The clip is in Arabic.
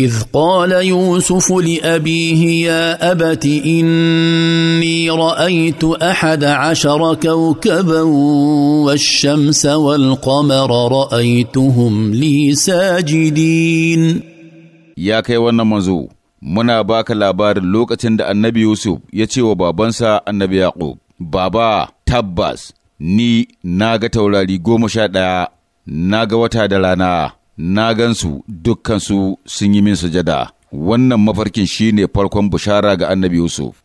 إذ قال يوسف لأبيه يا أبت إني رأيت أحد عشر كوكبا والشمس والقمر رأيتهم لي ساجدين يا كيوانا مزو منا باك لابار لوك اتند النبي يوسف يتيو بابنسا النبي يعقوب بابا تباس ني ناغة تولالي قومشا دا ناغة وتادلانا na gansu dukkansu sun yi min sujada wannan mafarkin shine farkon bushara ga annabi Yusuf